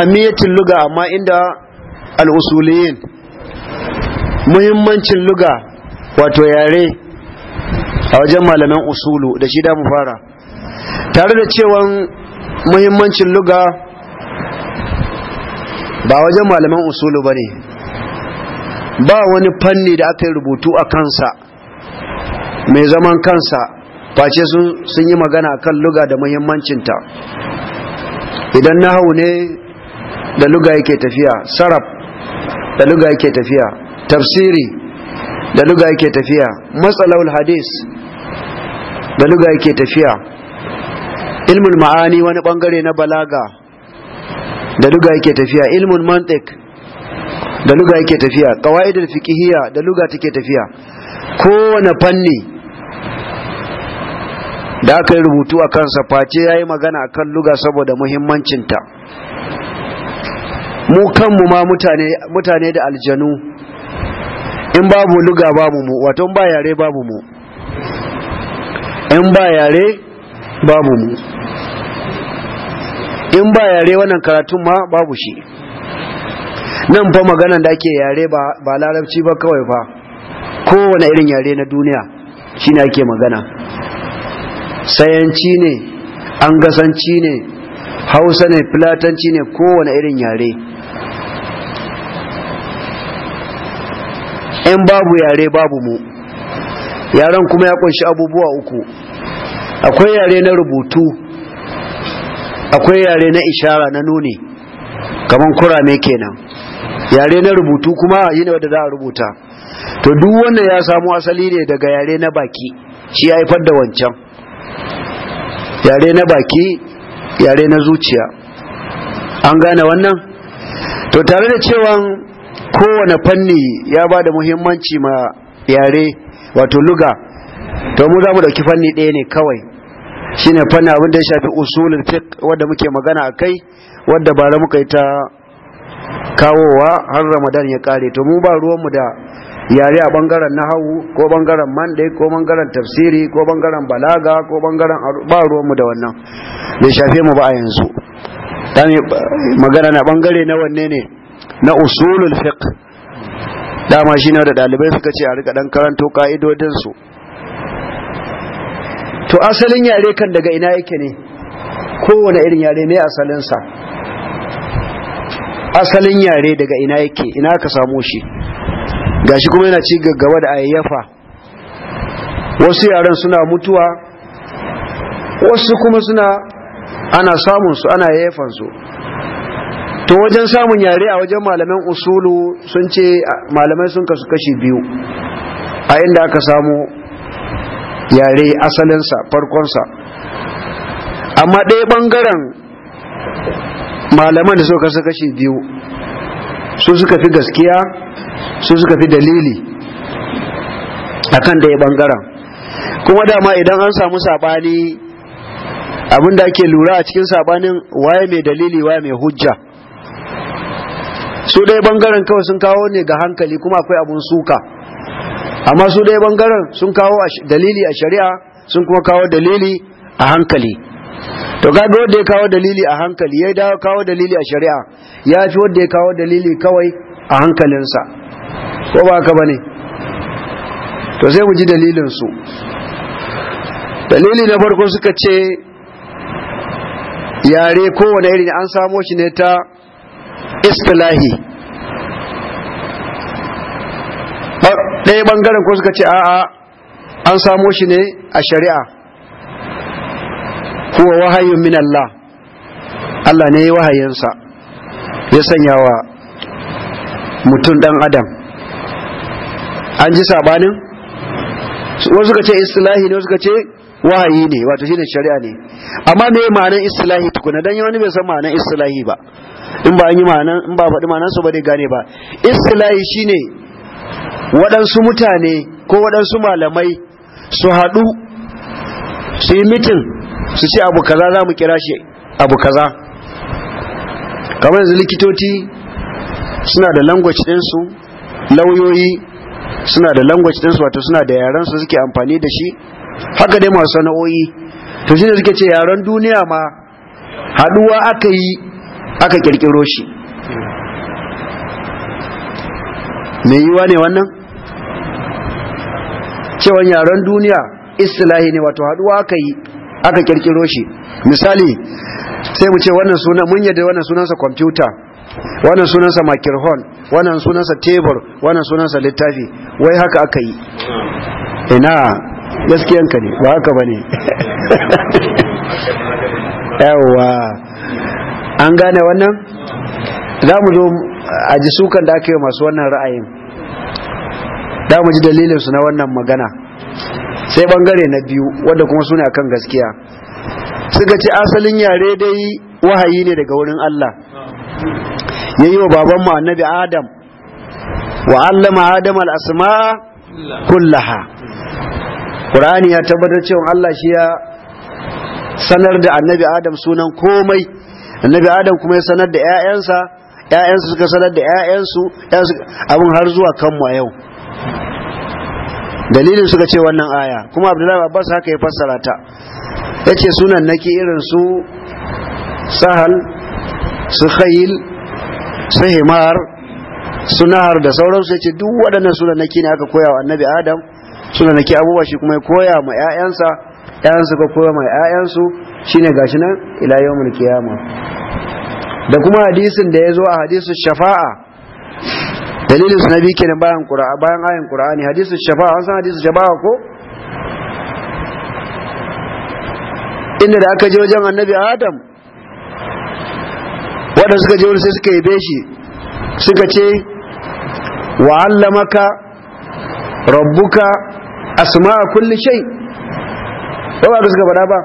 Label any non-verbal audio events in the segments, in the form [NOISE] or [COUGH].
ahamiyatin luga amma inda al'usuliyin muhimmancin luga wato yare a wajen malaman usulu da shi mu fara tare da cewan muhimmancin luga ba wajen malaman usulu ba ne ba wani fanni da aka rubutu a kansa mai zaman kansa face sun yi magana kan luga da muhimmancinta idan na hau ne da luga yake tafiya sarab da luga yake tafiya tafsiri da luga yake tafiya matsalawul hadis da luga yake tafiya ilmul ma'ani wani bangare na balaga da luga yake tafiya ilmul mantik da luga yake tafiya qawaidul fiqhiyya da luga take tafiya kowane fanni da aka yi rubutu a kansa face ya yi magana a kan luga saboda muhimmancinta mu kanmu ma mutane mutane da aljanu in babu luga babu mu wato ba yare babu mu in ba yare babu mu in ba yare wannan karatun ma babu shi nan fa maganan da ake yare ba larabci ba kawai fa kowane irin yare na duniya shi ne ake magana sayanci ne an gasanci ne hausa ne filatanci ne kowane irin yare in babu yare babu mu yaren kuma ya kunshi abubuwa uku akwai yare na rubutu akwai yare na ishara na nuni kamar kurame kenan yare na rubutu kuma yi ne wadda za a rubuta to duk wannan ya samu asali ne daga yare na baki shi ya haifar da wancan yare na baki yare na zuciya an gane wannan to tare da cewa kowane fanni ya ba da muhimmanci ma yare wato luga to mu za mu dauki fanni ɗaya ne kawai shine fanni abin da ya shafi usulul fiqh wanda muke magana a akai wanda bara muka yi ta kawowa har ramadan ya kare to mu ba ruwanmu da yare a bangaren nahawu ko bangaren mande ko bangaren tafsiri ko bangaren balaga ko bangaren ba ruwanmu da wannan da shafe mu ba a yanzu magana na bangare na wanne ne na usulul fiqh dama shine da dalibai suka ce a rika dan karanto ka'idodin su to asalin yare kan daga ina yake ne kowane irin yare ne asalin sa asalin yare daga ina yake ina ka samu shi gashi kuma yana ci gaba da ayyafa wasu yaran suna mutuwa wasu kuma suna ana samun su ana yayyafan su to wajen samun yare a wajen malaman usulu sun ce malamai sun kasu kashi biyu a inda aka samu yare asalinsa farkonsa amma ɗaya ɓangaren malaman da suka kasu kashi biyu su suka fi gaskiya su suka fi dalili a kan ɗaya ɓangaren kuma dama idan an samu sabani abinda ake lura a cikin sabanin waye mai dalili waye mai hujja su ɗaya bangaren kawai sun kawo ne ga hankali kuma akwai abun suka amma su ɗaya bangaren sun kawo dalili a shari'a sun kuma kawo dalili a hankali to kaga wanda ya kawo dalili a hankali ya kawo dalili a shari'a ya fi wanda ya kawo dalili kawai a hankalinsa ko ba ka bane to sai mu ji dalilin su dalili na farko suka ce yare kowane irin an samo shi ne ta istilahi ɗaya ɓangaren ko suka ce a'a an samo shi ne a shari'a kuwa wahayun min Allah Allah ne wahayinsa ya sanya wa mutum ɗan adam an ji sabanin wasu suka ce istilahi ne wasu suka ce wahayi ne wato shine shari'a ne amma me ma'anar istilahi tukuna dan wani bai san ma'anar istilahi ba in ba an yi ma'anan in ba faɗi ma'anan su ba dai gane ba istilahi shine waɗansu mutane ko waɗansu malamai su haɗu su yi mitin su ce abu kaza za mu kira shi abu kaza kamar yanzu likitoci suna da language ɗinsu lauyoyi suna da language ɗinsu wato suna da yaren su suke amfani da shi haka dai masu sana'o'i to shi ne suke ce yaren duniya ma haɗuwa aka yi aka kirkiro shi mai yiwa ne wannan Cewa yaren duniya istilahi ne wato haduwa aka yi aka kirkiro shi misali sai mu ce wannan sunan mun yadda wannan sunansa kwamfuta wannan sunansa makirhon wannan sunansa tebur wannan sunansa littafi wai haka aka yi ina gaskiyanka ne ba haka ba ne [LAUGHS] yawwa an gane wannan za mu zo a ji sukan da aka yi masu wannan ra'ayin da mu ji dalilinsu na wannan magana sai bangare na biyu wadda kuma su ne a kan gaskiya suka ci asalin yare dai wahayi ne daga wurin Allah ya yi wa babanmu annabi adam wa allama adam al'asma kullaha ƙur'ani ya tabbatar cewa Allah shi ya sanar da annabi adam sunan komai annabi adam kuma ya sanar da ƴaƴansa 'ya'yansu suka sanar da 'ya'yansu abin har zuwa kanmu a yau dalilin suka ce wannan aya kuma abdullahi abbas haka ya fassara ta yace ce sunan naki irin su sahal su khayl su himar su nahar da sauransu ya ce duk waɗannan sunan naki ne aka koya wa annabi adam sunan naki abubuwa shi kuma ya koya ma 'ya'yansa 'ya'yansa ko koya ma 'ya'yansu shine gashi nan ila yawmul kiyama da kuma hadisin da ya zo a hadisun shafa'a dalilin su na kenan bayan bayan ayin qur'ani hadisun shafa'a an san hadisu shafa'a ko inda da aka je wajen annabi adam waɗanda suka je wani sai suka yabe shi suka ce wa allamaka rabbuka asma'a kulli shay ba da suka faɗa ba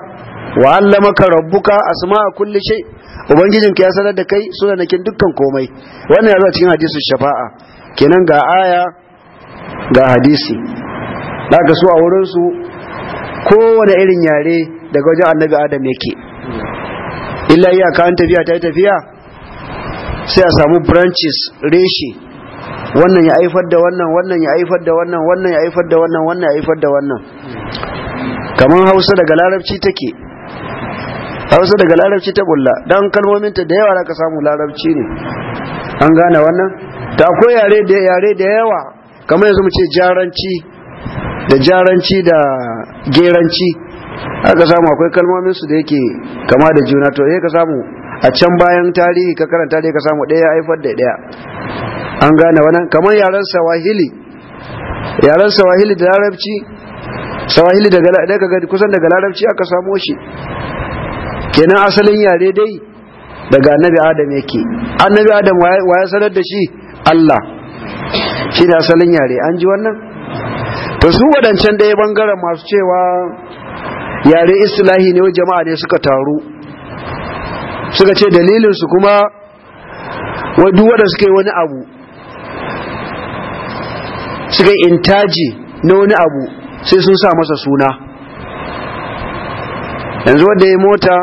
wa allamaka rabbuka asma'a kulli shay ka ya sanar da kai sunanakin dukkan komai wannan ya zo cikin hadisi shafa'a kenan ga aya ga hadisi daga su a wurin su kowane irin yare daga wajen annabi adam yake illa ka an tafiya ta tafiya sai a samu branches reshe wannan ya aifar da wannan wannan ya aifar da wannan wannan ya aifar da wannan wannan ya aifar da wannan kamar hausa daga larabci take A wasu daga larabci ta bulla don kalmominta da yawa ka samu larabci ne an gane wannan ta akwai yare da yare da yawa kamar yanzu mu ce jaranci da jaranci da geranci aka samu akwai kalmomin su da yake kama da juna to ya ka samu a can bayan tarihi ka karanta da ya ka samu ɗaya haifar da ɗaya an gane wannan kamar yaren sawahili yaren sawahili da larabci sawahili daga kusan daga larabci aka samo shi kenan asalin yare dai daga annabi adam yake annabi adam waya sanar da shi Allah shi da asalin yare an ji wannan to su waɗancan ɗaya ɓangaren masu cewa yare islahi ne jama'a ne suka taru suka ce dalilinsu kuma wadu wanda suka yi wani abu suka yi intaji na wani abu sai sun sa masa suna yanzu wadda ya mota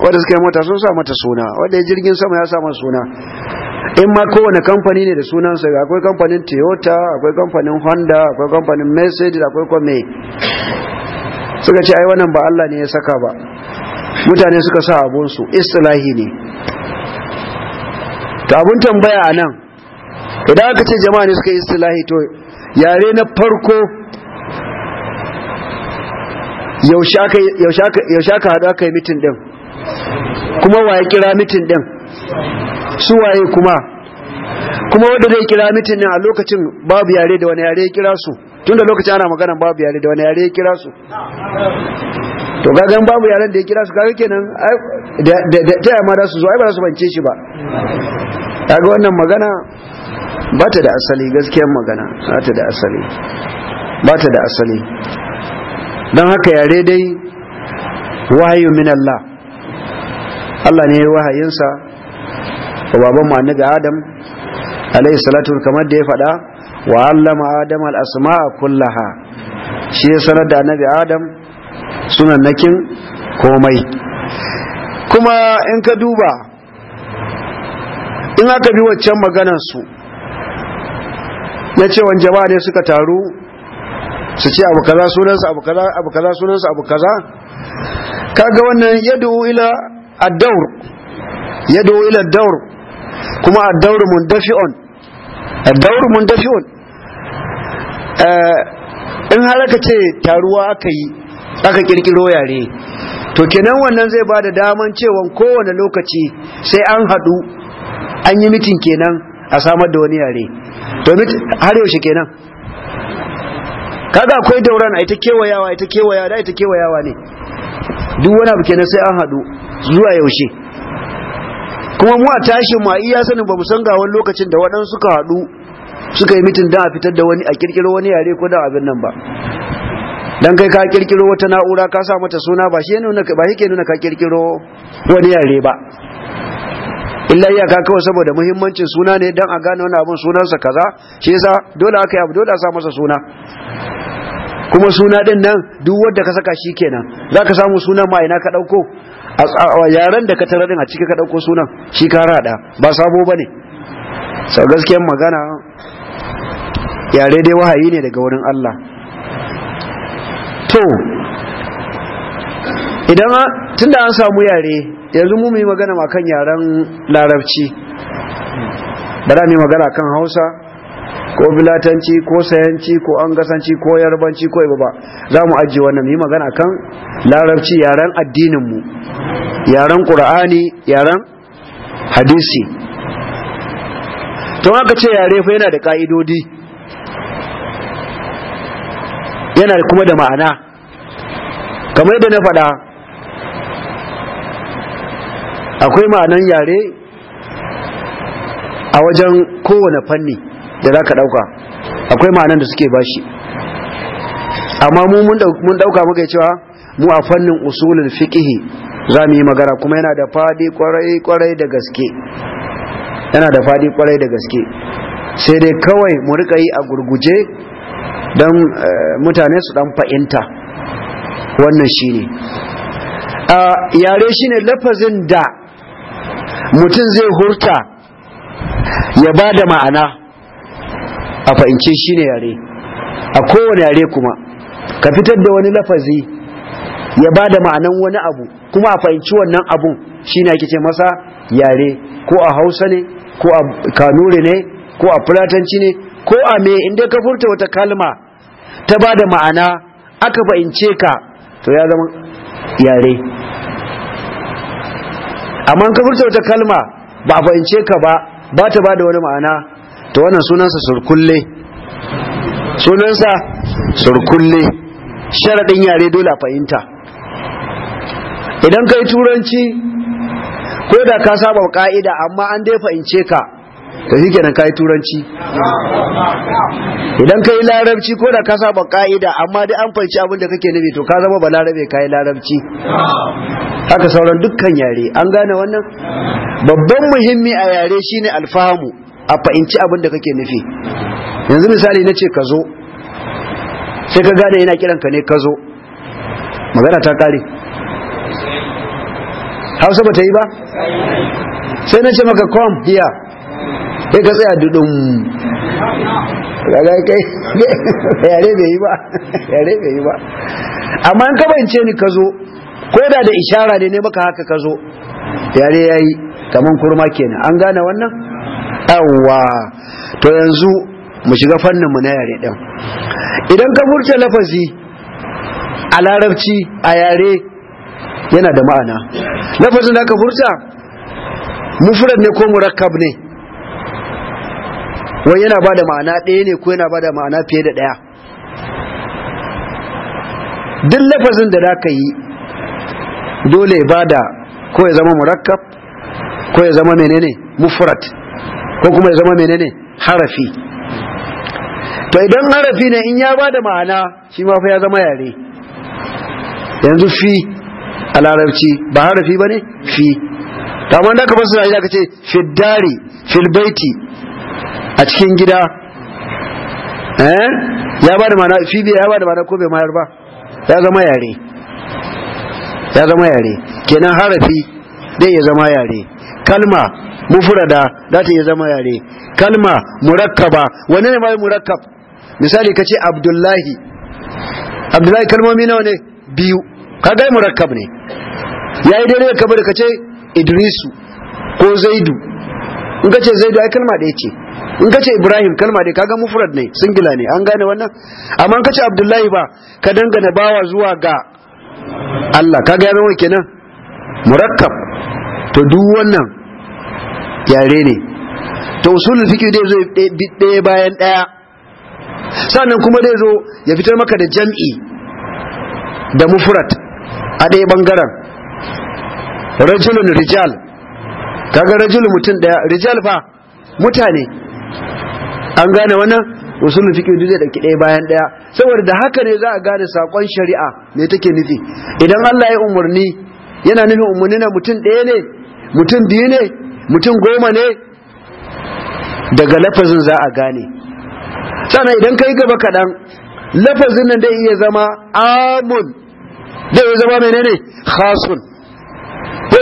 wadda suka yi mota sun sa mata suna wadda ya jirgin sama ya sa masa suna in ma kowane kamfani ne da sunansa akwai kamfanin toyota akwai kamfanin honda akwai kamfanin mercedes akwai kome suka ce ai wannan ba allah ne ya saka ba mutane suka sa abunsu istilahi ne ta abun tambaya a nan idan aka ce jama'a ne suka yi istilahi to yare na farko yaushe aka haɗu aka yi mitin ɗin kuma waye kira mitin ɗin su waye kuma kuma wanda zai kira mitin ɗin a lokacin babu yare da wani yare ya kira su tunda lokacin ana magana babu yare da wani yare ya kira su to gagan babu yaren da ya kira su kaga kenan ta yamma da su zo ai ba su bance shi ba kaga wannan magana ba ta da asali gaskiyar magana ba ta da asali ba ta da asali don haka yare dai wahayu min Allah Allah ne ya wahayinsa wa baban annabi Adam alayhi salatu kamar da ya faɗa wa allama Adam al-asma'a kullaha shi ya sanar da annabi Adam sunan nakin komai kuma in ka duba in aka bi waccan maganar su na cewa jama'a ne suka taru su ce abu kaza sunansa abu kaza abu kaza sunansa abu kaza kaga wannan yadu ila ad-dawr yadu ila ad-dawr kuma ad-dawr mundafi'un ad-dawr mundafi'un eh, in har aka ce taruwa aka yi aka kirkiro yare to kenan wannan zai bada daman cewa kowane lokaci sai an hadu an yi mitin kenan a samar da wani yare to har yaushe kenan kaga akwai dauran ai ta kewayawa ai ta kewayawa da ta kewayawa ne duk wani abu kenan sai an hadu zuwa yaushe kuma mu a tashin mu a iya sanin bamu san ga wani lokacin da waɗansu suka hadu suka yi mitin don a fitar da wani a kirkiro wani yare ko da abin nan ba dan kai ka kirkiro wata na'ura ka sa mata suna ba shi ne ba shi ke nuna ka kirkiro wani yare ba illa ka kawai saboda muhimmancin suna ne don a gane wani abin sunansa kaza shi yasa dole aka yi abu dole a sa masa suna kuma suna din nan duk wanda ka saka shi kenan za ka samu sunan ma ina ka dauko a yaren da ka tara din a ciki ka dauko sunan shi ka rada ba sabo ba ne gaskiyar magana yare dai wahayi ne daga wurin Allah to idan tunda an samu yare yanzu mu muyi magana magana kan yaren larabci ba za mu yi magana kan hausa ko bilatanci ko sayanci ko angasanci ko yarbanci ko ba za mu ajiye wannan mu yi magana kan larabci yaren addininmu yaren ƙura'ani yaren hadisi tun aka ce yare fa yana da ƙa'idodi yana kuma da ma'ana kamar yadda na faɗa akwai ma'anan yare a wajen kowane fanni da za ka ɗauka akwai ma'anan da suke bashi amma mu mun ɗauka muka cewa mu a fannin usulun fiƙihi za mu yi magana kuma yana da faɗi kwarai-kwarai da gaske yana da fadi kwarai da gaske sai dai kawai mu rika yi a gurguje don eh, mutane su dan fa'inta wannan shine ah, yare shine lafazin da mutum zai hurta ya ba da ma'ana a fahimce shi ne yare a kowane yare kuma ka fitar da wani lafazi ya ba da ma'anan wani abu kuma a fahimci wannan abun shi ne ake ce masa yare ko a hausa ne ko a kanure ne ko a fulatanci ne ko a me inda ka furta wata kalma ta ba da ma'ana aka fahimce ka to ya zama yare amma ka furta wata kalma ba a fahimce ka ba ba ta ba da wani ma'ana to wannan sunansa surkulle sunansa surkulle sharaɗin yare dole a fahimta idan ka yi turanci ko da ka saba ka'ida amma an dai fahimce ka ka shi kenan kai turanci idan kai larabci ko da ka saba ka'ida amma dai an fahimci abin da kake nufi to ka zama ba larabe kai larabci haka sauran dukkan yare an gane wannan babban muhimmi a yare shine alfahamu a fahimci abin da kake nufi yanzu misali na ce ka zo sai ka gane yana kiran ka ne ka zo magana ta kare hausa ba ta yi ba sai na ce maka come here sai ka tsaya dudun kai kai [LAUGHS] yare bai yi ba yare bai yi ba amma in kabance ni ka zo ko da da ishara ne ne baka haka kazo zo yare yayi kaman kurma kenan an gane wannan awwa to yanzu mu shiga fannin mu na yare din idan ka furta lafazi a larabci a yare yana da ma'ana lafazin da ka furta mufrad ne ko murakkab ne wai yana bada da ma'ana ɗaya ne ko yana ba da ma'ana fiye da ɗaya duk lafazin da zaka yi dole ba da ko ya zama murakkab ko ya zama menene mufrat ko kuma ya zama menene harafi to idan harafi ne in ya ba da ma'ana shi ma ya zama yare yanzu fi a larabci ba harafi ba ne fi kamar da ka shi da ka ce fiddari filbaiti a cikin gida eh ya ba da mana fi ya ba da mana ko bai mayar ba ya zama yare ya zama yare kenan harafi zai ya zama yare kalma mufrada za ta iya zama yare kalma murakkaba wani ne mai murakkab misali ka ce abdullahi abdullahi kalmomi nawa ne biyu kaga murakkab ne yayi dare ka bari ka ce idrisu ko zaidu in ka ce zaidu ai kalma ɗaya ce in ka ce ibrahim kalma ɗaya kaga mufrad ne singila ne an gane wannan amma in ka ce abdullahi ba ka dangana bawa zuwa ga Allah kaga ya kenan murakkab to duk wannan yare ne to usul fiqh dai zo ɗaya bayan ɗaya sannan kuma dai zo ya fitar maka da jam'i da mufrad a ɗaya bangaren rajulun rijal kaga rajul mutum daya rijal fa mutane an gane wannan usulun fiqh duk zai dauki ɗaya bayan daya saboda da haka ne za a gane sakon shari'a me take nufi idan Allah ya umarni yana nufin umarni na mutum daya ne mutum biyu ne mutum goma ne daga lafazin za a gane sannan idan kai gaba kaɗan lafazin nan dai iya zama amun dai iya zama menene khasun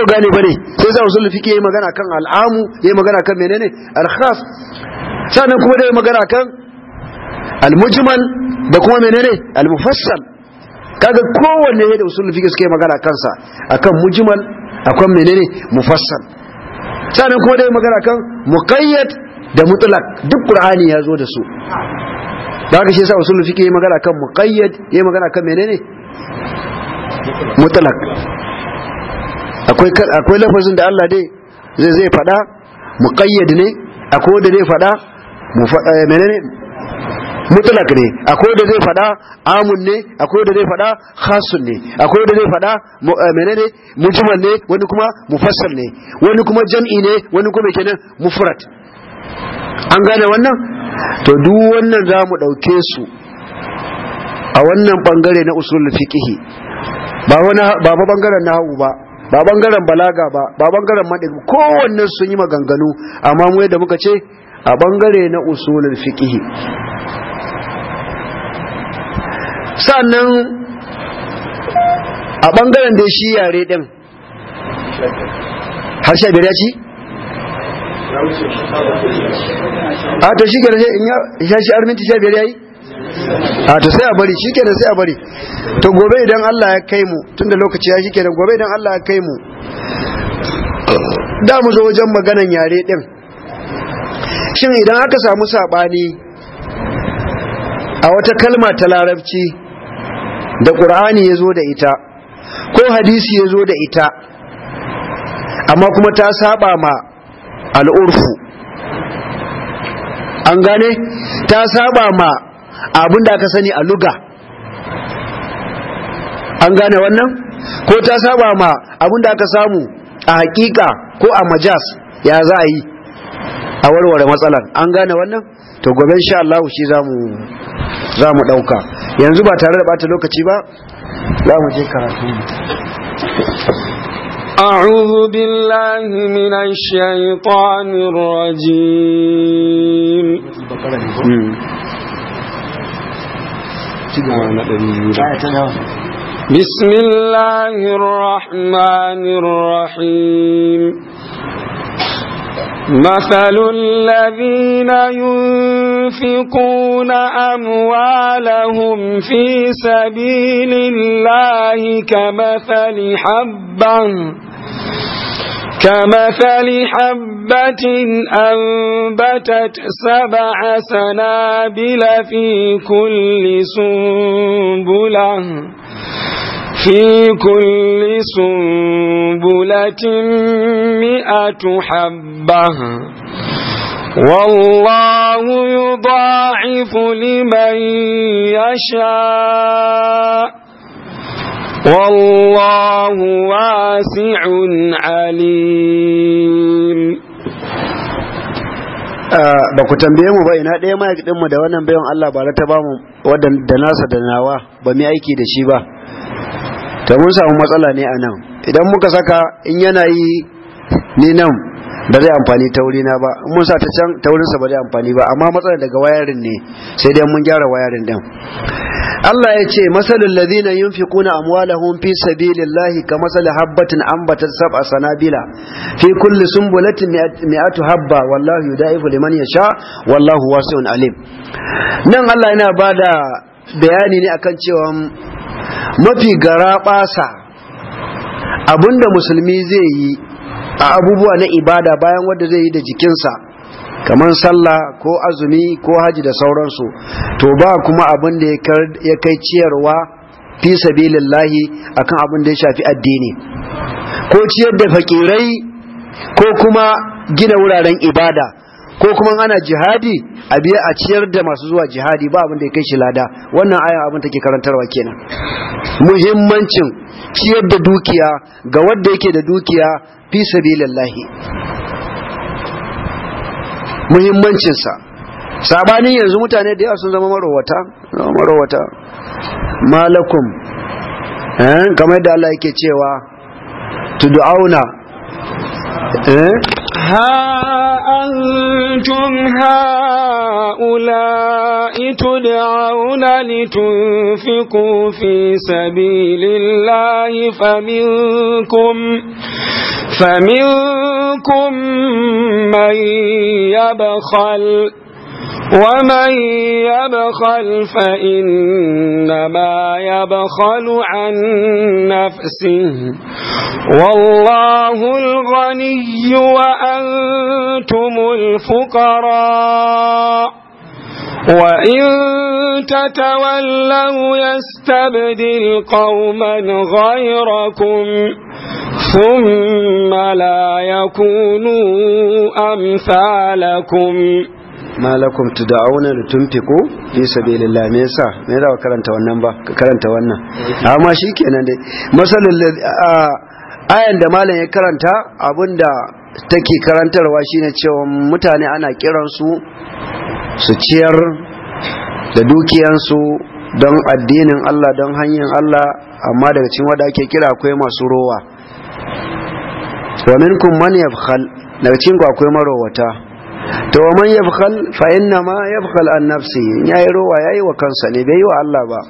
ko gane bane sai sa usul ke yi magana kan al'amu yayi magana kan menene al-khas sannan kuma da yi magana kan al-mujmal da kuma menene al-mufassal kaga kowanne da usul fiqh suke magana kansa akan mujmal akan menene mufassal sannan kuma da yi magana kan muqayyad da mutlaq duk qur'ani ya zo da su da haka shi yasa usul fiqh yi magana kan muqayyad yayi magana kan menene mutlaq akwai akwai lafazin da Allah dai zai zai mu muqayyad ne akwai da zai faɗa eh, menene mutlak ne akwai da zai faɗa amun ne akwai da zai faɗa khasun ne akwai da zai faɗa eh, menene mujmal ne wani kuma mufassal ne wani kuma jam'i ne wani kuma kenan mufrad an gane wannan to duk wannan za mu ɗauke su a wannan bangare na usulul fiqh ba wani ba bangaren nahwu ba ba bangaren balaga ba ba bangaren madin kowanne sun yi maganganu amma mu yadda muka ce a bangare na usulul fiqh sannan a bangaren da shi yare din harshe da biyar ya ci? a to shi gane in ya shi arminti shi biyar yayi a to sai a bari shi kenan sai a bari to gobe idan Allah ya kai mu tunda lokaci ya kenan gobe idan Allah ya kai mu da mu zo wajen maganan yare din shin idan aka samu sabani a wata kalma ta larabci da qur'ani ya zo da ita ko hadisi ya zo da ita amma kuma ta saba ma al'urfu an gane ta saba ma abin da aka sani a luga an gane wannan ko ta saba ma abin da aka samu a hakika ko a majas ya za a yi a warware matsalar an gane wannan to gobe insha Allah shi za mu ɗauka yanzu ba tare da bata lokaci ba za mu je karatu أعوذ بالله من الشيطان الرجيم آية بسم الله الرحمن الرحيم مثل الذين ينفقون أموالهم في سبيل الله كمثل حبا كمثل حبة أنبتت سبع سنابل في كل سنبلة في كل سنبلة مئة حبة والله يضاعف لمن يشاء والله واسع عليم ba ku tambaye mu ba ina ɗaya mai mu da wannan bayan Allah ba ta ba mu da nasa da nawa ba mu aiki da shi ba ta mun samu matsala ne a nan idan muka saka in yana yi ni nan ba zai amfani ta na ba mun sa ta can ta taurinsa ba zai amfani ba amma matsalar daga wayarin ne sai dai mun gyara wayarin din Allah ya ce masalul ladina yunfiquna amwalahum fi sabilillahi ka masal habbatin ambatat sab'a sanabila fi kulli sumbulatin mi'atu habba wallahu yudaifu liman yasha wallahu wasi'un alim nan Allah yana bada bayani ne akan cewa mafi gara basa abinda musulmi zai yi a abubuwa na ibada bayan wanda zai yi da jikinsa kamar sallah ko azumi ko haji da sauransu to ba kuma abin da ya kai ciyarwa fi sabilillahi akan abin da ya shafi addini ko ciyar da fakirai ko kuma gina wuraren ibada ko kuma ana jihadi a biya a ciyar da masu zuwa jihadi ba abin da ya kai shi lada wannan aya abin take karantarwa kenan muhimmancin ciyar da dukiya ga wanda yake da dukiya fi sabilillahi muhimmancinsa sabanin yanzu mutane da yawa sun zama marowata marowata malakum eh kamar da Allah yake cewa tud'auna eh? أنتم هؤلاء تدعون لتنفقوا في سبيل الله فمنكم فمنكم من يبخل ومن يبخل فإنما يبخل عن نفسه والله الغني وأنتم الفقراء وإن تتولوا يستبدل قوما غيركم ثم لا يكونوا أمثالكم ma lakum tud'auna litunfiqu fi sabilillah me yasa me da karanta wannan ba karanta wannan amma shikenan dai masalan ayan da malam ya karanta abinda take karantarwa shine cewa mutane ana kiransu su ciyar da dukiyansu don addinin Allah don hanyar Allah amma daga cikin wanda ake kira akwai masu rowa wa minkum man yabkhal daga cikin ku akwai marowata to man yabkhal fa inna ma yabkhal an nafsi yayi rowa yayi wa kansa ne bai yi wa Allah ba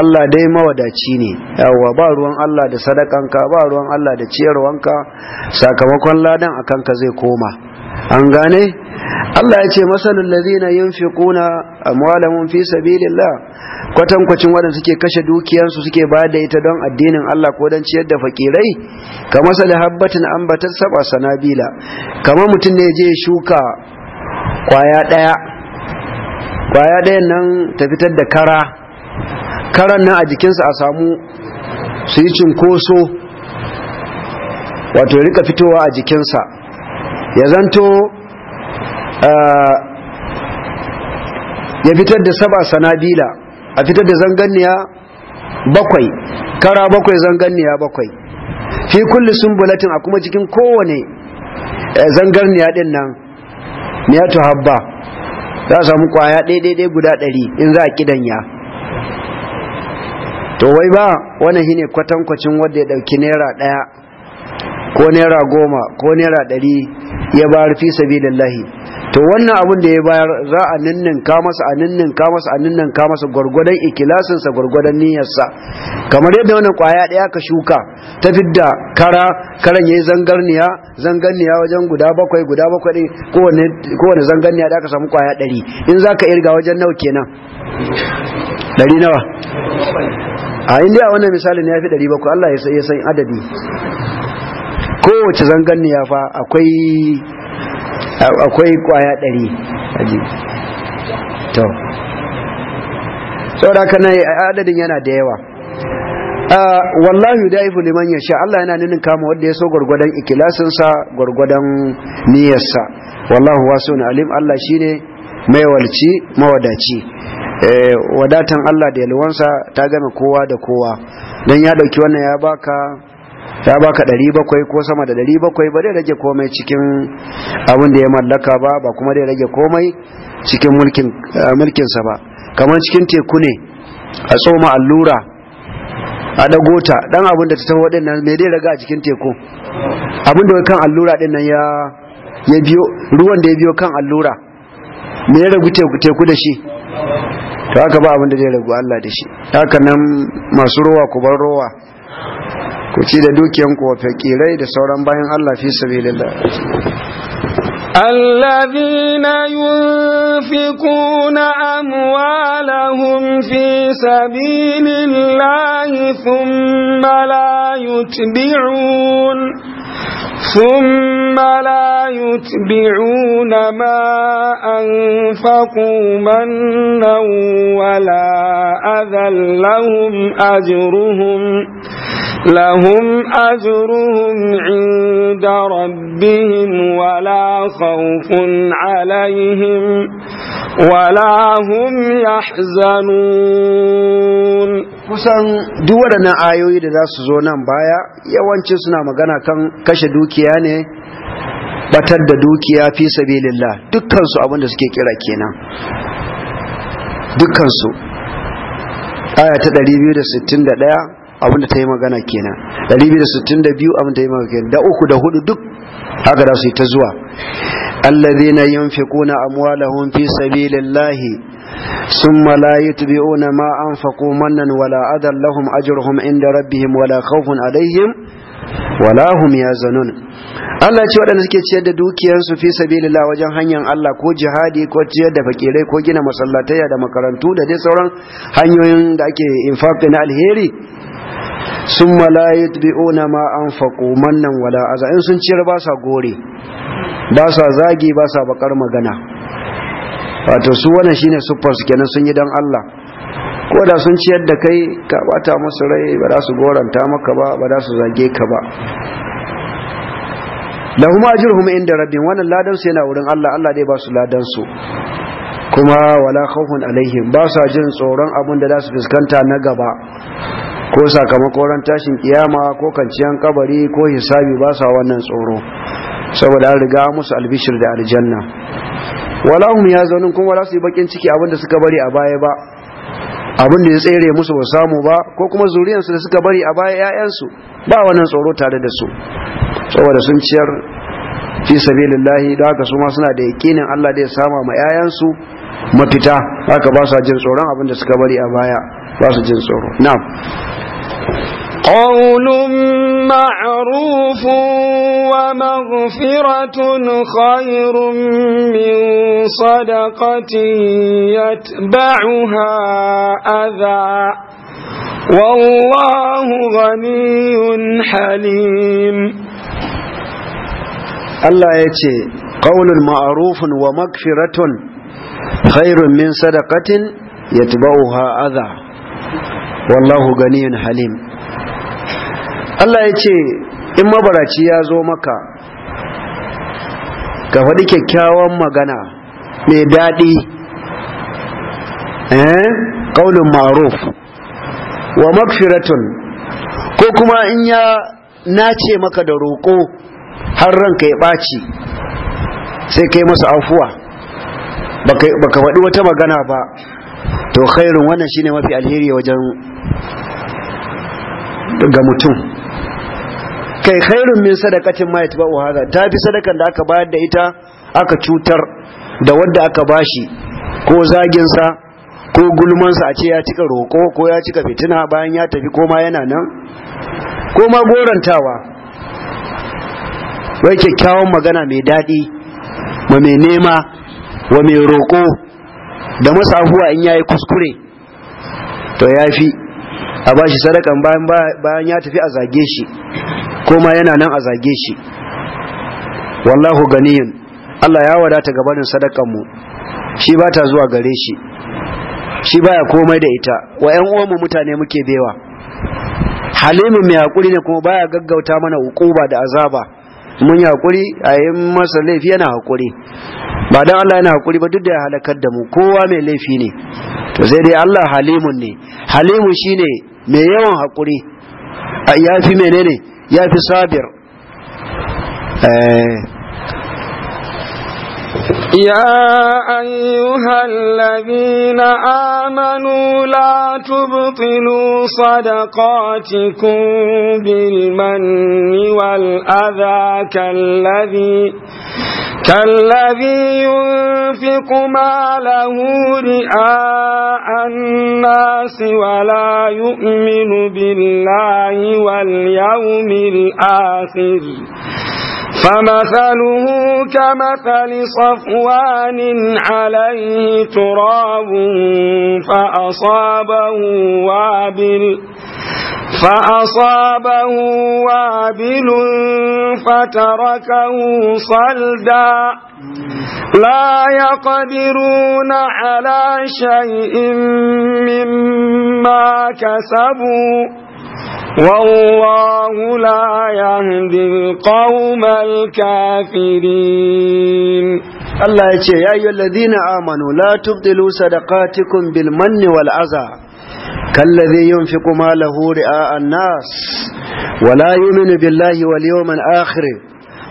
Allah dai mawadaci ne yawa ba ruwan Allah da sadakanka ba ruwan Allah da ciyarwanka sakamakon ladan akan ka zai koma an gane Allah ya ce masalul ladina yunfiquna amwalahum fi sabilillah kwatankwacin wadanda suke kashe dukiyansu suke bada ita don addinin Allah ko don ciyar da fakirai kamar sal habbatin ambatar saba sanabila kamar mutum ne je shuka kwaya daya kwaya dayan nan ta fitar da kara karan nan a jikinsa a samu su yi cinkoso wato rika fitowa a jikinsa ya zanto Eh, ya fitar da saba sanabila a fitar da zanganniya bakwai kara bakwai zanganniya bakwai fi kulli sunbulatin a kuma cikin kowane eh, zanganniya din nan miyatu habba za a samu kwaya dai guda ɗari in za a kidanya to wai ba wani shine kwatankwacin wanda ya ɗauki naira ɗaya ko naira goma ko naira ɗari ya bayar fi sabilillahi to wannan abin da ya bayar za a ka masa a ka masa a ka masa gwargwadon ikilasinsa gwargwadon niyyarsa kamar yadda wannan kwaya ɗaya ka shuka ta fidda kara karan yayi zangarniya zangarniya wajen guda bakwai guda bakwai ɗin wani kowane zangarniya da aka samu kwaya ɗari in za ka irga wajen nawa kenan ɗari nawa a indiya wannan misalin ya fi ɗari bakwai allah ya san adadi kowace zanganniya fa akwai akwai kwaya ɗari to saboda haka nan adadin yana da yawa wallahu da'ifu liman yasha Allah yana ninin kama wanda ya so gwargwadon ikilasinsa gwargwadon niyyarsa wallahu wasi'un alim Allah shine maiwalci mawadaci eh, wadatan Allah da yalwansa ta gama kowa da kowa dan ya dauki wannan ya baka ya baka ɗari bakwai ko sama da ɗari bakwai ba zai rage komai cikin abin da ya mallaka ba ba kuma zai rage komai cikin eh, mulkinsa ba kamar cikin teku ne a tsoma allura a ta ɗan abin da ta taho ɗin nan mai zai raga a cikin teku abin da kan allura ɗin nan ya biyo ruwan da ya biyo kan allura me ya ragu teku da shi to haka ba abin da zai ragu Allah da shi haka nan masu rowa ku bar rowa Ku ci da dukkan kuwa Fakirai da sauran bayan Allah fi sabulun da ya wuce. Alladhi na yunfi kuna an walakufi sabulun lahi sun bala sun bala yuz biyun ma an faɗo man nau'u لهم أجرهم عند ربهم ولا خوف عليهم ولا هم يحزنون kusan duk waɗannan ayoyi da za su zo nan baya yawanci suna magana kan kashe dukiya ne batar da dukiya fi sabilillah dukkansu abinda suke kira kenan dukkansu aya ta 261 abinda ta yi magana kenan 262 abinda ta yi magana kenan da uku da hudu duk haka da su ta zuwa allazina yunfiquna amwalahum fi sabilillahi ثم لا يتبعون ma أنفقوا منا ولا أذى لهم أجرهم inda ربهم wala خوف عليهم wala hum yazanun Allah ce waɗanda suke ciyar da dukiyarsu fi sabilillah wajen hanyar Allah ko jihadi ko ciyar da fakirai ko gina masallatai da makarantu da dai sauran hanyoyin da ake infaqi na alheri sun malayit bi'una ma an faƙo mannan wala aza in sun ciyar ba sa gore ba sa zagi ba sa bakar magana wato su shi shine siffar su kenan sun yi dan Allah ko da sun ciyar da kai ka bata musu rai ba za su goranta maka ba ba za su zage ka ba lahum ajruhum inda rabbin wannan ladan su yana wurin Allah Allah dai ba su ladan su kuma wala khawfun alaihim ba sa jin tsoron abin da za su fuskanta na gaba ko sakamakon ran tashin kiyama ko kanciyan kabari ko hisabi ba sa wannan tsoro saboda an riga musu albishir da aljanna wala hum yazanun kuma za su yi bakin ciki abinda suka bari a baya ba abin da ya tsere musu ba samu ba ko kuma zuriyansu da suka bari a baya 'ya'yansu ba wannan tsoro tare da su saboda sun ciyar fi sabilillahi da haka su ma suna da yakinin Allah da ya sama ma 'ya'yansu mafita haka ba su jin tsoron abin da suka bari a baya ba su jin tsoro na'am قول معروف ومغفرة خير من صدقة يتبعها أذى والله غني حليم الله يتي قول معروف ومغفرة خير من صدقة يتبعها أذى والله غني حليم Allah ya ce in mabaraci ya zo maka ka faɗi kyakkyawan magana mai daɗi eh ƙaunin maruf wa makfiratun ko kuma in ya nace maka da roƙo har ranka ya ɓaci sai kai masa afuwa baka faɗi wata magana ba to khairun wannan shine mafi alheri wajen ga mutum kai khairun min sadaqatin ma yatba'u hadha ta fi sadakan da aka bayar da ita aka cutar da wanda aka bashi ko zagin sa ko gulman sa a ce ya cika roko ko ya cika fitina bayan ya tafi ko yana nan ko ma gorantawa wai kyakkyawan magana mai daɗi wa mai nema wa mai roko da masa in yayi kuskure to ya fi. a bashi sadakan bayan ya tafi a zage shi ko ma yana nan a zage shi wallahu ganiyun Allah ya wadata gabanin sadakan mu shi ba ta zuwa gare shi shi baya komai da ita wa ƴan uwanmu mutane muke bewa halimin mai hakuri ne kuma baya gaggauta mana hukuma da azaba mun yi hakuri a yi masa laifi yana hakuri ba dan Allah yana hakuri ba duk da ya halakar da mu kowa mai laifi ne to sai dai Allah halimun ne halimu shine mai yawan hakuri ya fi menene ya fi sabir eh, يا أيها الذين آمنوا لا تبطلوا صدقاتكم بالمن والأذى كالذي كالذي ينفق ماله رئاء الناس ولا يؤمن بالله واليوم الآخر فمثله كمثل صفوان عليه تراب فأصابه وابل فأصابه وابل فتركه صلدا لا يقدرون على شيء مما كسبوا والله لا يهدي القوم الكافرين الله يتي يا أيها الذين آمنوا لا تبطلوا صدقاتكم بالمن والعزى كالذي ينفق ماله رئاء الناس ولا يؤمن بالله واليوم الآخر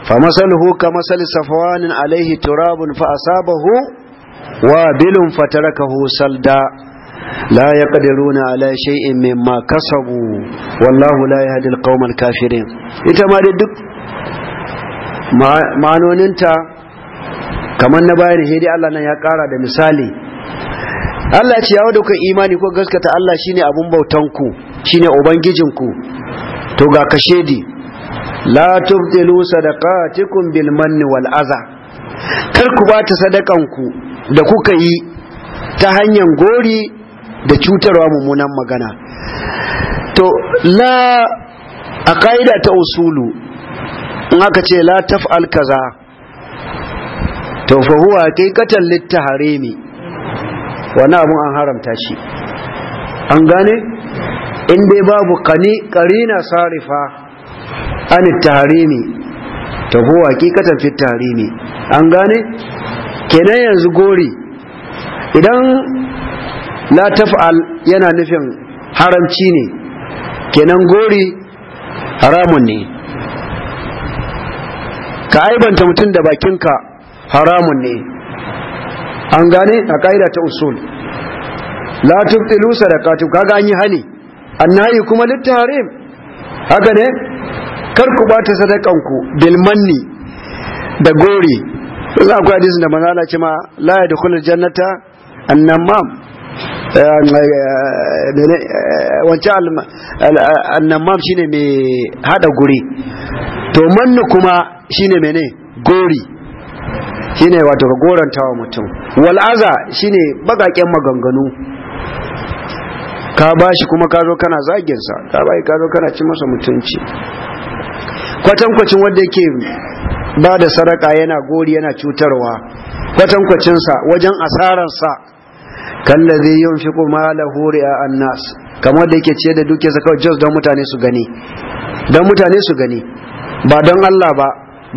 فمثله كمثل صفوان عليه تراب فأصابه وابل فتركه سلدا لا يقدرون على شيء مما كسبوا والله لا يهدي القوم الكافرين ita ma da duk ma'anoninta kamar na bayan hedi Allah nan ya kara da misali Allah ya ce ya wadda imani ko gaskata Allah shine abun bautan ku shine ku to ga kashedi la tubtilu sadaqatikum bil manni wal aza kar ku bata sadakan ku da kuka yi ta hanyar gori da cutarwa mummunan magana to la a ka'ida ta usulu in aka ce la taf'al kaza to fa huwa haqiqatan littaharimi wani abun an haramta shi an gane in dai babu qarina sarifa an taharimi to huwa haqiqatan fit taharimi an gane kenan yanzu gori idan la taf'al yana nufin haramci ne kenan gori haramun ne ka aibanta mutum da bakinka haramun ne an gane a ka'ida ta usul la tubtilu sadaqatu kaga an yi hani annahi kuma littarim haka ne kar ku bata sadakanku bil manni da gori za ku hadisin da manzala ce ma la yadkhulul jannata annamam wancan annamam shine mai hada guri to manni kuma shine mene gori shine wato ka goranta wa mutum wal'aza shine bagaken maganganu ka bashi kuma ka zo kana zaginsa ka shi ka zo kana ci masa mutunci kwatankwacin wanda yake ba da sadaka yana gori yana cutarwa kwatankwacinsa wajen asararsa kallazi yunfiqu malahu ri'a an-nas kamar da yake ce da duke saka jos don mutane su gani don mutane su gani ba don Allah ba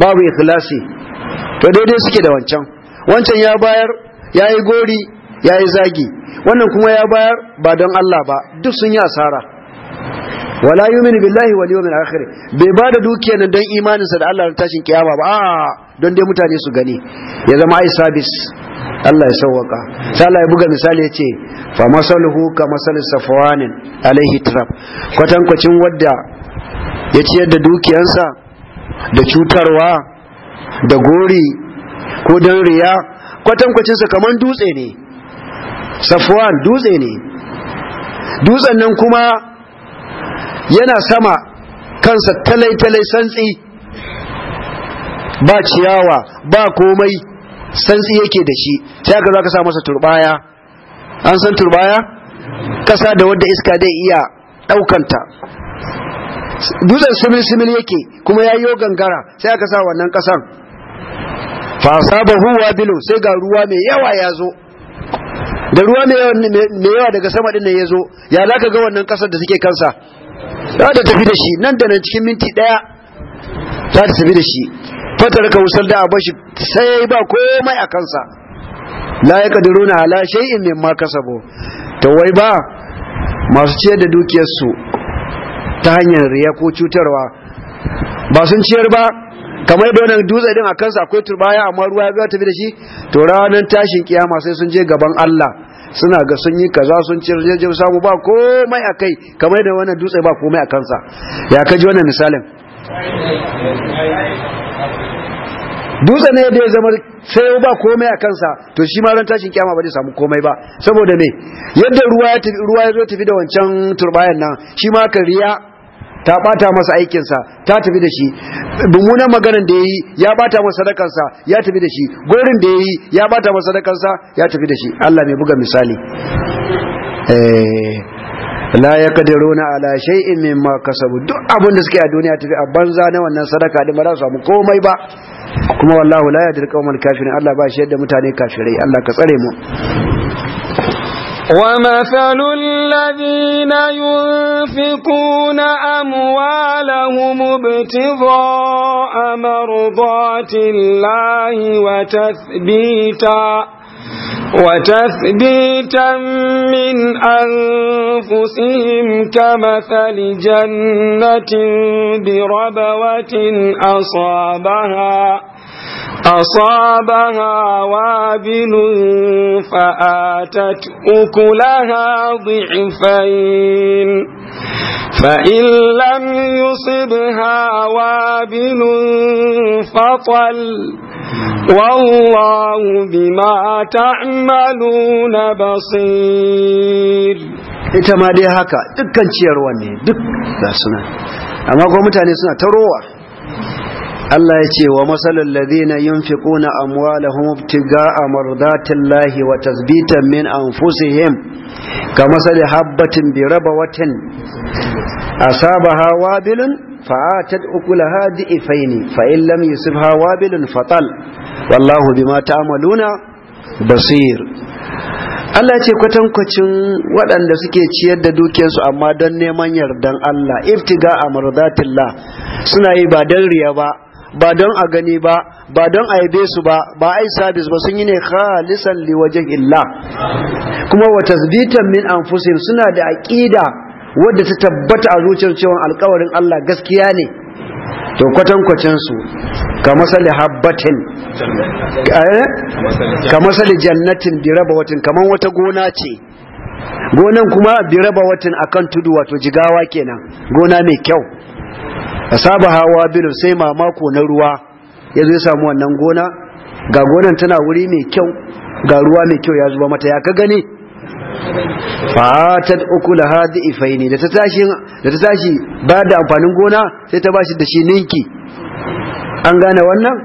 babu ikhlasi to daidai suke da wancan wancan ya bayar yayi gori yayi zagi wannan kuma ya bayar ba don Allah ba duk sun yi asara wala yu'minu billahi wal yawmil akhir bai da dukiyar nan don imaninsa da Allah da tashin kiyama ba a don dai mutane su gani ya zama ai service Allah ya sauwaka sai Allah ya buga misali yace fa masaluhu ka masal safwanin alaihi kwatankwacin wadda ya ciyar da dukiyansa da cutarwa da gori ko dan riya kwatankwacin sa kaman dutse ne safwan dutse ne dutsen nan kuma yana sama kansa talai talai santsi ba ciyawa ba komai sansi yake da shi sai aka zo aka sa masa turbaya an san turbaya kasa da wadda iska dai iya daukanta dutsen simil simil yake kuma ya yi gangara sai aka sa wannan kasan fasabahu wabilun sai ga ruwa mai yawa ya zo da ruwa mai yawa daga sama din nan ya zo ya zaka ga wannan kasar da suke kansa za ta tafi da shi nan da nan cikin minti daya za ta tafi da shi fatar ka wusar da shi sai ba komai a kansa la ya na ala shay'in mimma kasabu to wai ba masu ciyar da dukiyarsu ta hanyar riya ko cutarwa ba sun ciyar ba kamar da wannan dutse din a kansa akwai turbaya amma ruwa ya tafi da shi to ranar tashin kiyama sai sun je gaban Allah suna ga sun yi kaza sun ciyar je samu ba komai akai kamar da wannan dutse ba komai a kansa ya kaji wannan misalin dutse ne da ya zama sai ba komai a kansa to shi ma ran tashin kiyama ba zai samu komai ba saboda me yadda ruwa ya tafi ruwa ya zo tafi da wancan turbayan nan shi ma kan riya ta bata masa aikinsa ta tafi da shi bumunan maganan da ya yi ya bata masa sadakansa ya tafi da shi gorin da ya yi ya bata masa sadakansa ya tafi da shi Allah mai buga misali eh, la ya ala shay'in mimma kasabu duk abin da suke a duniya tafi a banza na wannan sadaka din ba za su samu komai ba kuma wallahu la yadir qaumal kafirin Allah ba shi yadda mutane kafirai Allah ka tsare mu ومثل الذين ينفقون أموالهم ابتغاء مرضات الله وتثبيتا وتثبيتا من أنفسهم كمثل جنة بربوة أصابها أصابها وابل فآتت أكلها ضعفين فإن لم يصبها وابل فطل والله بما تعملون بصير ita ma dai haka dukkan ciyarwa ne duk ga suna amma kuma mutane suna tarowa Allah ya ce wa masalul ladina yunfiquna amwalahum ibtiga'a mardatillahi wa tasbitan min anfusihim ka masali habbatin bi rabawatin asabaha wabilun fa'atat ukulaha di'ifaini fa in lam hawa bilin fatal wallahu bima ta'maluna basir Allah ce kwatankwacin waɗanda suke ciyar da dukiyarsu amma don neman yardan Allah iftiga a suna yi ba don riya ba ba don a gani ba ba don a yabe su ba ba ai sabis ba sun yi ne khalisan liwajen illa kuma wa tasbitan min anfusihim suna da aqida wadda ta tabbata a zuciyar cewa alkawarin Allah gaskiya ne to kwacin su ka masali habbatin eh, ka masali jannatin biraba kaman wata gona ce gonan kuma biraba watin akan tudu wato jigawa kenan gona mai kyau saba hawa bilu sai mamako na ruwa ya zo ya samu wannan gona ga gonan tana wuri mai kyau ga ruwa mai kyau ya zuba mata ya ka gani fatat ukula hadi ifaini da ta tashi da ta tashi ba da amfanin gona sai ta bashi da shi ninki an gane wannan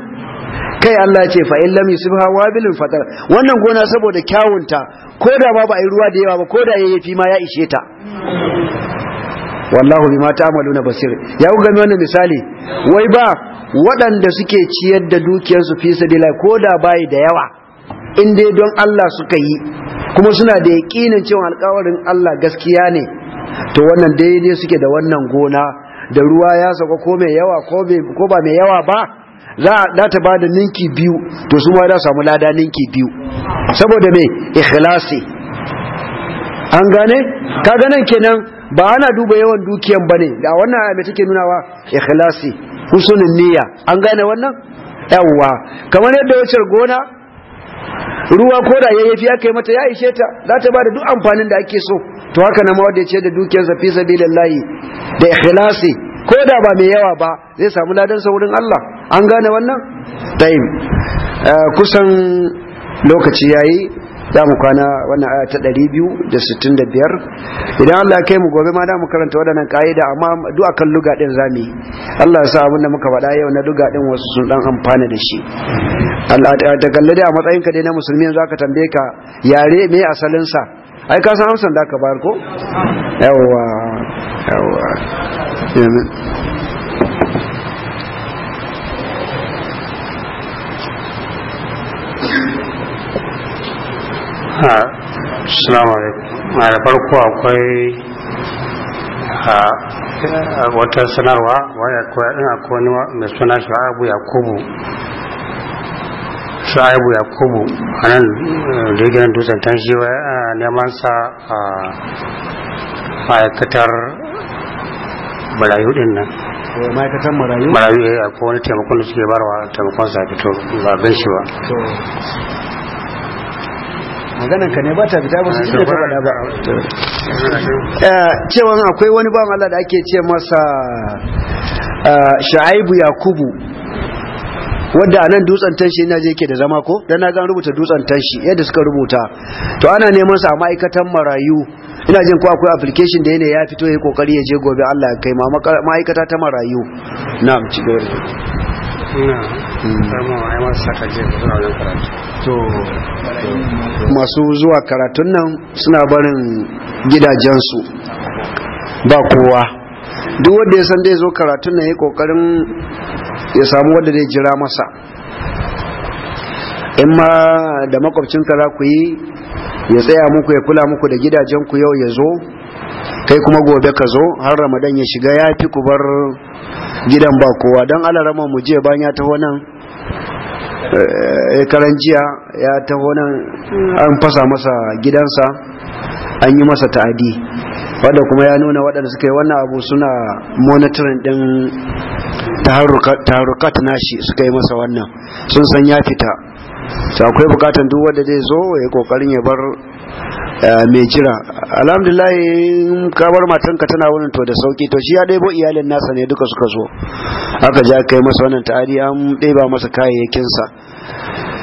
kai Allah ya ce fa in lam yusbaha wabilun fatar wannan gona saboda kyawunta ko da babu ai ruwa da yawa ba ko da fi ma ya ishe ta wallahu bima ta'maluna basir ya ku game wannan misali wai ba waɗanda suke ciyar da dukiyarsu fi sabila ko da bayi da yawa in dai don Allah suka yi kuma suna da yaƙinin cewa alƙawarin Allah gaskiya ne to wannan dai ne suke da wannan gona da ruwa ya saka ko mai yawa ko ba mai yawa ba za ta ba da ninki biyu to su ma za samu lada ninki biyu saboda mai ikhlasi an gane ka ganin kenan ba ana duba yawan dukiyan ba ne, da wannan aya take nunawa ikhlasi husnul niyya an gane wannan yawwa kamar yadda wucin gona ruwa ko da yayyafi aka yi mata ya ishe ta za ta ba da duk amfanin da ake so to haka nan ma wanda ya ce da sa fi sabilillahi da ikhlasi ko da ba mai yawa ba zai samu ladan sa wurin Allah an gane wannan tayyib eh, kusan lokaci yayi za mu kwana wannan aya ta 265 idan Allah ya kai mu gobe ma da mu karanta waɗannan ka'ida amma duk akan luga din zamu Allah ya sa abin da muka faɗa yau na luga din wasu sun dan amfana da shi Allah ta a matsayin ka dai na musulmi yanzu aka tambaye ka yare me asalin sa ai ka san amsan da ka bayar ko yawa yawa assalamu alaikum da farko akwai wata sanarwa waya koyaɗin akwai wani mai suna sha'abu yakubu sha'abu yakubu a nan da ya gina shi tanshi neman sa a ma'aikatar Marayu din nan eh, ma'aikatan marayu marayu ya eh, akwai wani taimakon da suke barwa taimakon sa fito ba gan shi ba maganan ka ne ba ta fita ba su ne ta eh, ba cewa akwai wani ba Allah da ake ce masa eh, Shu'aibu Yakubu wadda anan dutsen tanshi ina je yake da zama ko dan na ga rubuta dutsen tanshi yadda suka rubuta to ana neman sa a ma'aikatan marayu ina jin ko akwai application da yana ya fito ya kokari ya je gobe Allah ya kai ma ma'aikata ta marayu na'am ci gaba da na'am hmm. ai ma saka je da karatu masu zuwa karatun nan suna barin gidajensu ba kowa duk wanda ya san ya zo karatun nan ya kokarin ya samu wanda zai jira masa in ma da makwabcin za ku yi ya tsaya muku ya kula muku da gidajen ku yau ya zo kai kuma gobe ka zo har ramadan ya shiga ya fi ku bar gidan ba kowa don alarama mu je banya ta taho nan Eh, karan jiya ya taho nan an fasa masa gidansa an yi masa ta'adi wadda kuma ya nuna waɗanda suka yi wannan abu suna monitoring ɗin taharukat nashi suka yi masa wannan sun san ya fita akwai bukatan duk wadda zai zo ya kokarin ya bar Eh, mai jira alhamdulillah kabar matanka tana wurin to da sauki to shi ya ɗebo iyalin nasa ne duka suka zo aka ja kai masa wannan ta'adi an ɗeba masa kayayyakinsa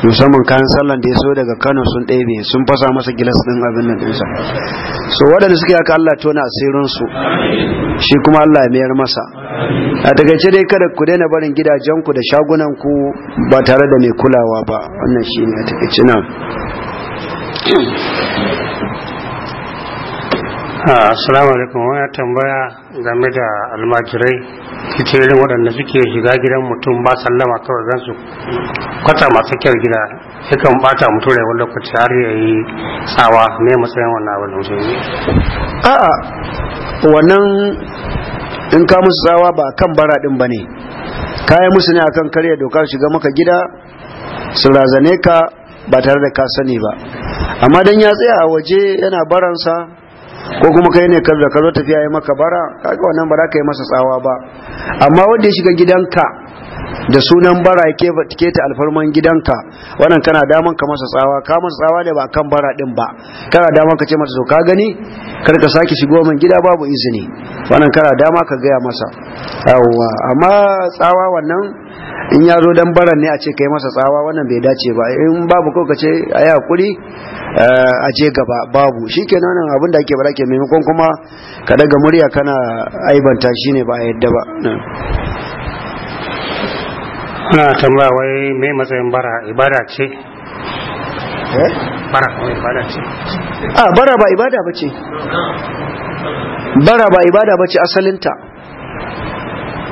musamman kayan sallan da ya so daga kano sun ɗebe sun fasa masa gilas ɗin abin nan ɗinsa so waɗanda suke aka allah tona asirinsu shi kuma allah ya mayar masa a takaice dai kada ku daina barin gidajenku da shagunanku ba tare da mai kulawa ba wannan shi ne a takaice nan. Ah, assalamu alaikum wani tambaya game da almajirai cikin irin waɗanda suke shiga gidan mutum ba sallama kawai gansu kwata masu kyar gida kan bata mutum da wani lokaci har ya yi tsawa ne matsayin wannan abin mutum a'a wannan in ka musu tsawa ba kan bara ɗin ba ne kayan musu ne akan karya doka shiga maka gida su razane ka ba tare da ka sani ba amma don ya tsaya a waje yana baransa ko kuma kai ne kar da ka zo tafiya ya maka bara kaga wannan ba za ka yi masa tsawa ba amma wanda ya shiga gidanka da sunan bara ke ta alfarman gidanka wannan kana daman ka masa tsawa ka masa tsawa da ba kan bara din ba kana daman ka ce masa to ka gani kar ka sake shigo min gida babu izini wannan kana dama ka gaya masa yawwa amma tsawa wannan in ya zo dan baran ne a ce kai masa tsawa wannan bai dace ba in babu ko ka ce a hakuri eh, a je gaba babu shikenan nan abin da ake bara ke maimakon kuma ka daga murya kana aibanta shine ba a yadda ba na tambaya wai mai matsayin bara ibada ce eh? bara kuma ibada ce bara ba ibada ba ce bara ba ibada ba ce asalinta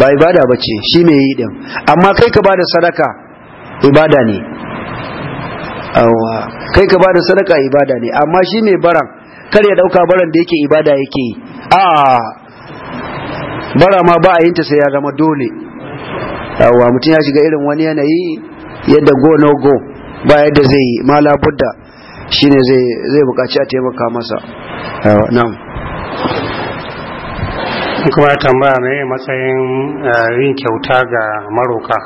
ba ibada ba ce shi mai yi din amma kai ka bada sadaka ibada ne kai ka bada sadaka ibada ne amma shi mai baran kar ya dauka baran da yake ibada yake yi a bara ma ba a yinta sai ya zama dole A'wa mutum ya shiga irin wani yanayi yadda go no go ba yadda zai yi ma labudda shine zai zai bukaci a taimaka masa na'am kuma ya tambaya mai matsayin eh, yin kyauta ga maroka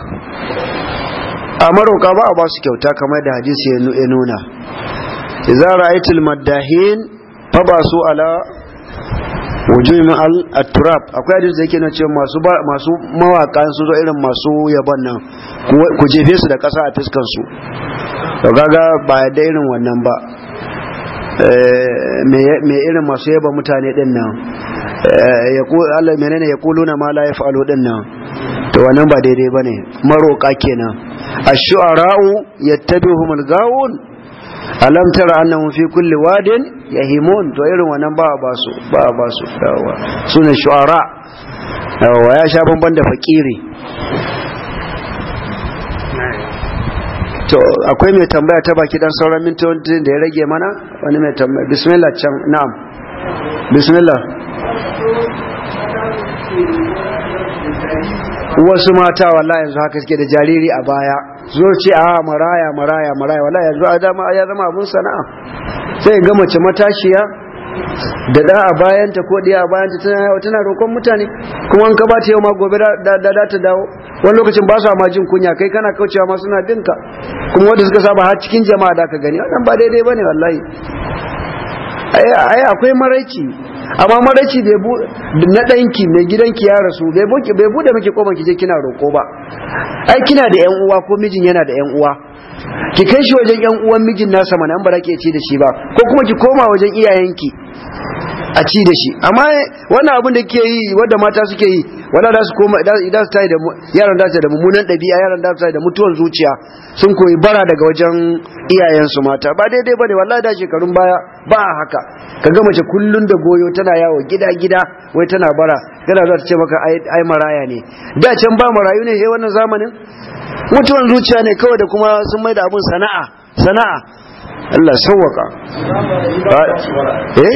a maroka ba a ba su kyauta kamar da hadisi ya nuna Za ra'aytul maddahin fa ba su ala wujin min al-turab akwai hadisi da yake na cewa masu masu mawaka su zo irin masu yabon nan ku jefe su da kasa a fiskan su to kaga ba da irin wannan ba me irin masu yaba mutane din nan ya ku Allah menene ya kuluna ma la yafalu din nan to wannan ba daidai bane maroka kenan ash-shu'ara'u yattabi'uhum gawun alam tara annahum fi kulli wadin yahimun to irin wannan ba ba su ba ba su dawa sune shuara wa ya sha bamban da fakiri to akwai mai tambaya ta baki dan sauran mintoci da ya rage mana wani mai tambaya bismillah can na'am bismillah wasu mata wallahi yanzu haka suke da jariri a baya zo ce a ah, maraya maraya maraya wallahi yanzu ya zama abun sana'a sai ga mace matashiya da da a bayanta ko diya a bayanta tana roƙon mutane kuma an ka ba ta yau ma gobe da da ta dawo wani lokacin ba su ma jin kunya kai kana kaucewa ma suna dinka kuma wanda suka saba har cikin jama'a da ka gani wannan ba daidai bane wallahi ai akwai maraici amma maraici na ɗanki mai gidanki ya rasu bai bude miki koban ki je kina roko ba ai kina da yan uwa ko mijin yana da yan uwa ki kai shi wajen yan uwan mijin nasa mana an bara ke ci da shi ba ko kuma ki koma wajen iyayenki a ci da shi amma wannan abin da ke yi wanda mata suke yi wanda da su koma idan su tayi da yaran da su da mummunan ɗabi'a yaran da su tayi da mutuwan zuciya sun koyi bara daga wajen iyayensu mata ba daidai bane wallahi da shekarun baya ba haka kaga mace kullun da goyo tana yawo gida gida wai tana bara kana za ta ce maka ai maraya ne da can ba marayu ne eh wannan zamanin mutuwan zuciya ne kawai da kuma sun mai da abun sana'a sana'a Allah sauwaka eh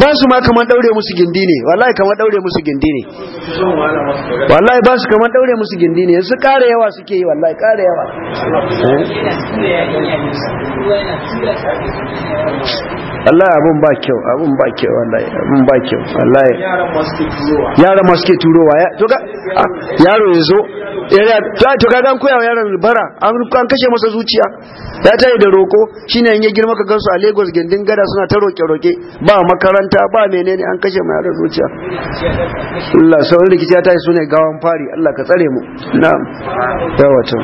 ba su ma kamar daure musu gindi ne wallahi kamar daure musu gindi ne wallahi ba su kamar daure musu gindi ne su kare yawa suke yi wallahi kare yawa eh? Eh? Allah abun ba kyau abun ba kyau wallahi abun ba kyau wallahi yaran ma suke turowa ya to ah, ga yaro yazo to ga dan koyawa yaron bara an an kashe masa zuciya ya yi da roko shine an yi girma ka gansu a Lagos gindin gada suna ta roke roke ba makaranta ba menene an kashe mai yaron zuciya Allah sauran rikici ya tayi sune gawan fari Allah ka tsare mu na'am yawa to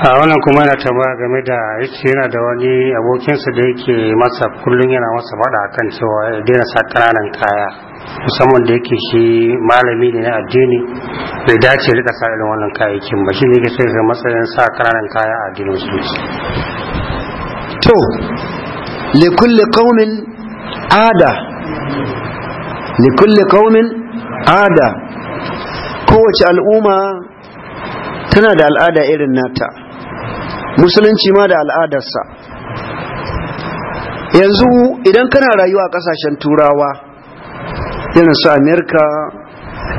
a wannan kuma yana taba game da yake yana da wani abokinsa da yake masa kullum yana masa faɗa kan cewa ya daina sa ƙananan kaya musamman da yake shi malami ne na addini bai dace rika sa irin wannan kayayyakin ba shi ne yake sai ya matsayin sa ƙananan kaya a addinin su. to likulli qaumin ada likulli qaumin ada kowace al'umma tana da al'ada irin nata musulunci ma da al'adarsa yanzu idan kana rayuwa a kasashen turawa irin su america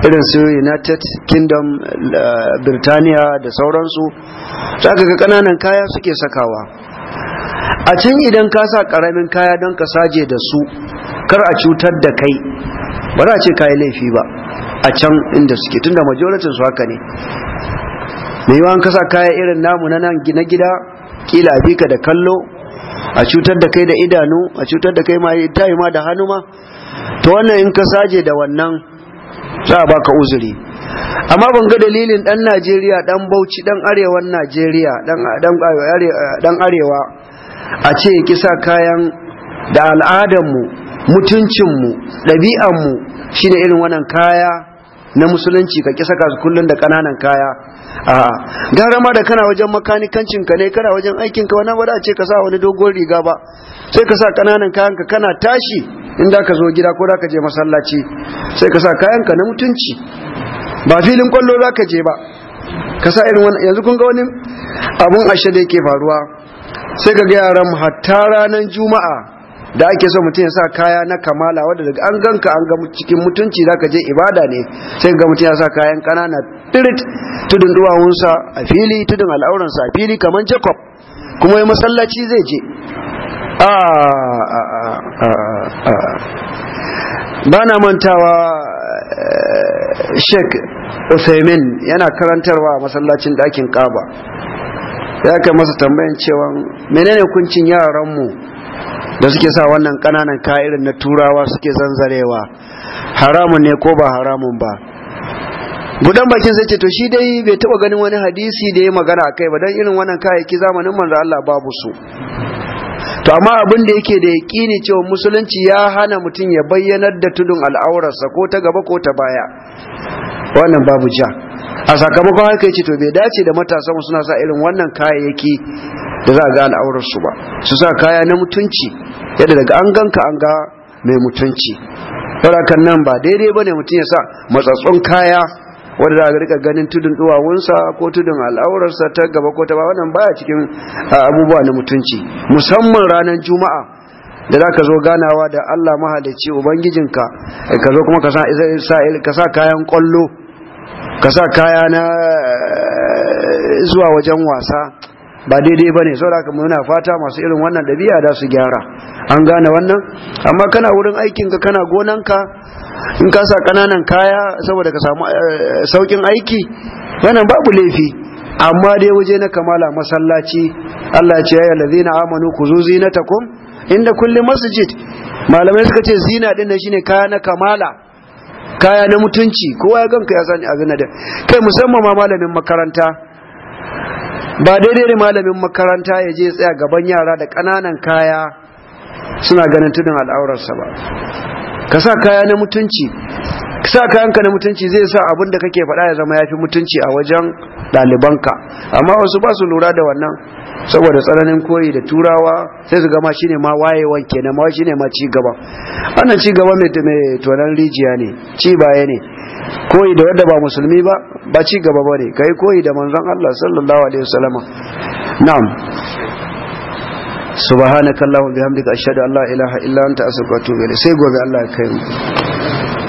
irin su united kingdom eh, birtaniya da sauransu za ka ga kananan kaya suke sakawa a can idan ka sa karamin kaya don ka saje da su kar a cutar da kai ba za a ce kayi laifi ba a can inda suke tunda majoritin su haka ne da yawan kasa kaya irin namu na nan gina gida kila bi da kallo a cutar da kai da idanu a cutar da kai ma eh, tayi ma da hannu ma to wannan in ka saje da wannan za a baka uzuri amma ban ga dalilin dan Najeriya dan Bauchi dan arewan Najeriya dan arewa a ce kisa kayan da al'adanmu mutuncinmu ɗabi'anmu shine irin wannan kaya na musulunci ka kisa ka kullun da kananan kaya a gara ma da kana wajen makanikancin ka ne kana wajen aikin ka wannan wada ce ka sa wani dogon riga ba sai ka sa kananan kayan ka kana tashi in ka zo gida ko da ka je masallaci sai ka sa kayan ka na mutunci ba filin kwallo za ka je ba ka sa irin wani yanzu kun ga wani abun ashe da yake faruwa sai ka ga yaran hatta ranar juma'a da ake so mutum ya sa kaya na kamala wadda daga an ganka an ga cikin mutunci zaka je ibada ne sai ga mutum ya sa kayan kanana tirit tudun duwawunsa a fili tudun al'auransa a fili kamar jacob kuma ya masallaci zai je ba na mantawa eh, sheik uthaymin yana karantarwa a masallacin dakin kaba ya kai masa tambayan cewa menene kuncin yaranmu da suke sa wannan kananan ka'irin na turawa suke zanzarewa haramun ne ko ba haramun ba budan bakin sai ce to shi dai bai taba ganin wani hadisi da ya magana akai ba dan irin wannan kayayyaki zamanin manzo Allah babu su to amma abin da yake da ne cewa musulunci ya hana mutum ya bayyanar da tudun al'aurarsa ko ta gaba ko ta baya wannan babu ja a sakamakon haka yace to bai dace da matasan suna sa irin wannan kayayyaki da za a ga al'aurar su ba su sa kaya na mutunci yadda daga an ganka an ga mai mutunci farakan nan ba daidai ba ne mutum ya sa matsatsun kaya wanda za a rika ganin tudun duwawunsa ko tudun al'aurarsa ta gaba ko ta ba wannan baya cikin abubuwa na mutunci musamman ranar juma'a da za ka zo ganawa da Allah mahalicci ubangijinka ka zo kuma ka sa kayan kwallo ka sa kaya na eh, zuwa wajen wasa ba daidai ba ne saboda haka muna fata masu irin wannan ɗabi'a da su gyara an gane wannan amma kana wurin aikinka kana gonanka in ka sa ƙananan kaya saboda ka samu eh, saukin aiki wannan babu laifi amma dai waje na kamala masallaci Allah ya ce ya zina amanu ku zo zinatakum inda kulli masjid malamai suka ce zina din nan shine kaya na kamala kaya na mutunci kowa ya ganka ya sani abin da kai musamman ma malamin makaranta ba daidai ne malamin makaranta ya je tsaya gaban yara da ƙananan kaya suna ganin tudun al'aurarsa ba ka sa kaya na mutunci ka sa kayanka na mutunci zai sa abin da kake faɗa ya zama ya fi mutunci a wajen ɗalibanka amma wasu ba su lura da wannan saboda tsananin koyi da turawa sai su gama shine ma wanke kenan ma shine ma ci gaba wannan ci gaba mai tonan rijiya ne ci baya ne koyi da wanda ba musulmi ba ba ci gaba bane kai koyi da manzon Allah sallallahu alaihi wasallama na'am subhanakallahu bihamdika ashhadu an la ilaha illa anta astaghfiruka wa atubu ilayk sai gobe Allah ya kai mu